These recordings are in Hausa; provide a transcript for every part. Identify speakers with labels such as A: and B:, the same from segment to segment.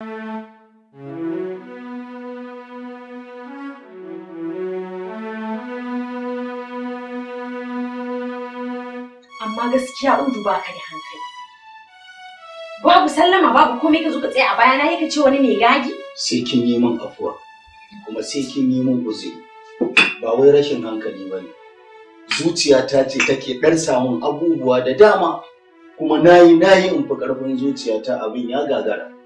A: amma gaskiya udu ba ka da hankali. Babu sallama babu komai ka zo ka tsaye a bayana ya ka ce wani mai gadi?
B: Sai kin yi min afuwa, kuma sai kin yi min guzuri. Ba wai rashin hankali ba ne. Zuciyata ce take ɗan samun abubuwa da dama, kuma nayi nayi in fi ƙarfin zuciyata abin ya gagara.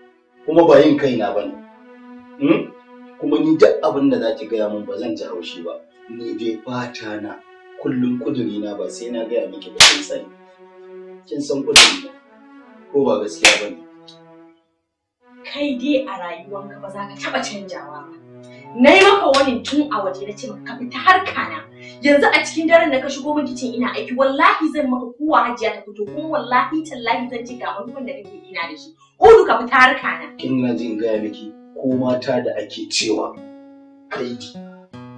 B: kuma ba yin kaina ba ne hmm? kuma ni duk abin da za ki gaya min ba zan ji haushi ba ni dai fata na kullum kuduri na ba sai na gaya miki ba kin sani kin san kuduri na ko ba gaskiya ba ne
A: kai dai a rayuwanka ba za ka taɓa canjawa ba na yi maka wani tun a waje na ce maka ka fita harka na yanzu a cikin daren da ka shigo min kicin ina aiki wallahi zan maka kowa hajiya ta fito kuma wallahi tallahi zan ji ga manufan da kake ina da shi hudu ka fita harka na
B: ina jin gaya miki ko mata da ake cewa kaidi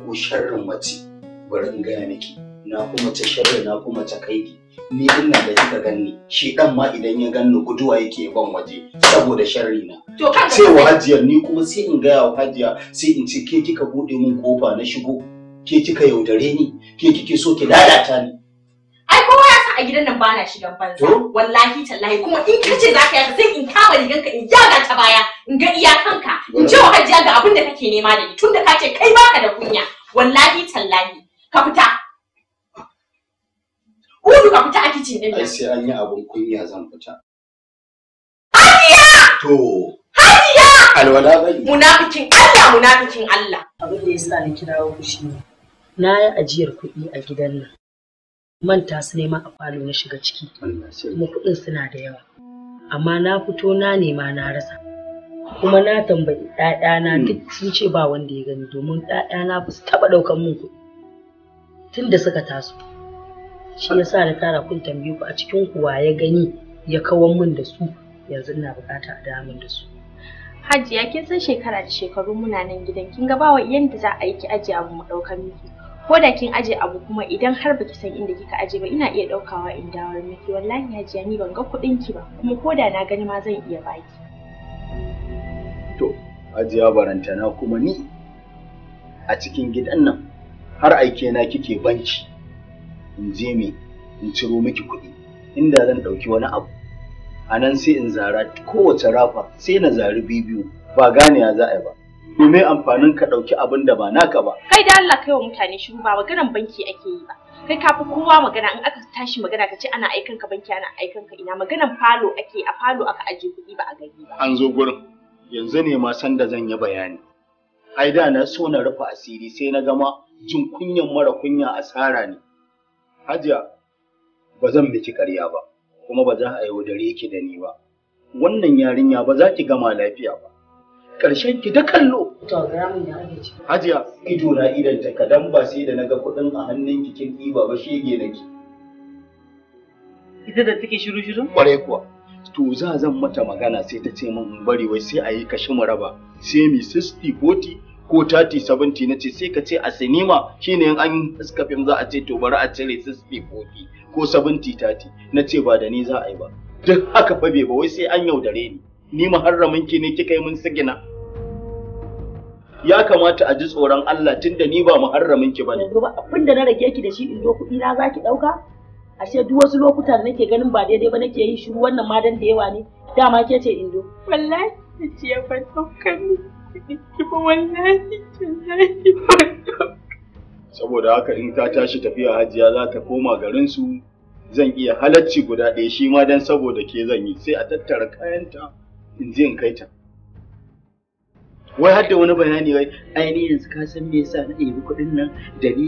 B: ko sharrin mace bari in gaya miki na kuma ta sharri na kuma ta kaidi ni ina da kika ganni shi dan ma idan ya ganni guduwa yake ban waje saboda sharri na to wa hajiya ni kuma sai in gaya wa hajiya sai in ce ke kika bude min kofa na shigo ke kika yaudare ni ke kike so ki lalata ni
A: ai ko ya san a gidan nan bana shigan banza wallahi tallahi kuma in kace zaka yi sai in kama riganka in jaga ta baya in ga iyakanka in ce wa hajiya ga abin da kake nema da ni tunda ka ce kai baka da kunya wallahi tallahi ka fita hanci din nan.
B: sai an yi abun kunya zan fita. Hajiya! To. Hajiya! Alwala
A: bai. Munafikin Allah munafikin Allah. Abin da ya sa ni kirawo ku shi ne. Na yi ajiyar kuɗi a gidan nan. Manta su nema a falo na shiga ciki. Kuma kuɗin suna da yawa. Amma na fito na nema na rasa. kuma na tambayi ‘ya'yana hmm. duk sun ce ba wanda ya gani domin ‘ya'yana ba su taɓa ɗaukan mun kuɗi tun da suka taso. shi yasa na tara kun tambaye ku a cikin kuwa ya gani ya kawo min da su yanzu ina bukata a min da su Hajiya kin san shekara da shekaru muna nan gidan kin ga bawa yanda za a yi ki aje abu mu daukar miki ko da kin aje abu kuma idan har baki san inda kika aje ba ina iya daukawa in dawar miki wallahi Hajiya ni ban ga kudin ki ba kuma ko da na gani ma zan iya baki
B: to Hajiya barantana kuma ni a cikin gidan nan har aike na kike banki in je me in ciro miki kuɗi inda zan ɗauki wani abu a nan sai in zara kowace rafa sai na zari bibiyu ba gane ya za a yi ba domin amfanin ka ɗauki abin da ba naka ba
A: kai da Allah kai wa mutane shiru ba maganan banki ake yi ba kai ka kowa magana in aka tashi magana ka ce ana aikan ka banki ana aikan ka ina maganan falo ake a falo aka aje kuɗi ba a gari ba an zo
B: gurin yanzu ne ma san da zan yi bayani ai da na so na rufa asiri sai na gama jin kunyan mara kunya asara ne Hajiya ba zan miki ƙarya ba kuma ba za a yaudare ki da ni ba. Wannan yarinya ba za ki gama lafiya ba. Ƙarshen ki da kallo. Hajiya ido na idan ta kadan ba sai da naga kuɗin a hannun ki kin ɗiba ba shege nake. Ita da take shiru shiru? Ƙwarai kuwa. To za zan mata magana sai ta ce min in bari wai sai a yi kashi mu raba sai mi 60 40 ko 30-70 na ce sai ka ce a sinima shine in an haska fim za a ce to bari a cire 60-40 ko 70-30 na ce ba da ni za a yi ba duk haka fa ba wai sai an yaudare ni ni muharramin ki ne kika yi mun sigina ya kamata a ji tsoron Allah tunda ni ba muharramin ki bane ba
A: abinda na rage ki da shi indo kuɗi na zaki dauka ashe duk wasu lokuta da nake ganin ba daidai ba nake yi shiru wannan madan da yawa ne dama ke ce indo wallahi ki ce ban daukan ni
B: saboda haka in ka tashi tafiya hajiya za ta koma su zan iya halacci guda ɗaya shi ma don saboda ke zan yi sai a tattara kayanta in je in kai ta wai har da wani bayani wai ainihin ka san me yasa na ɗebi kuɗin nan
A: da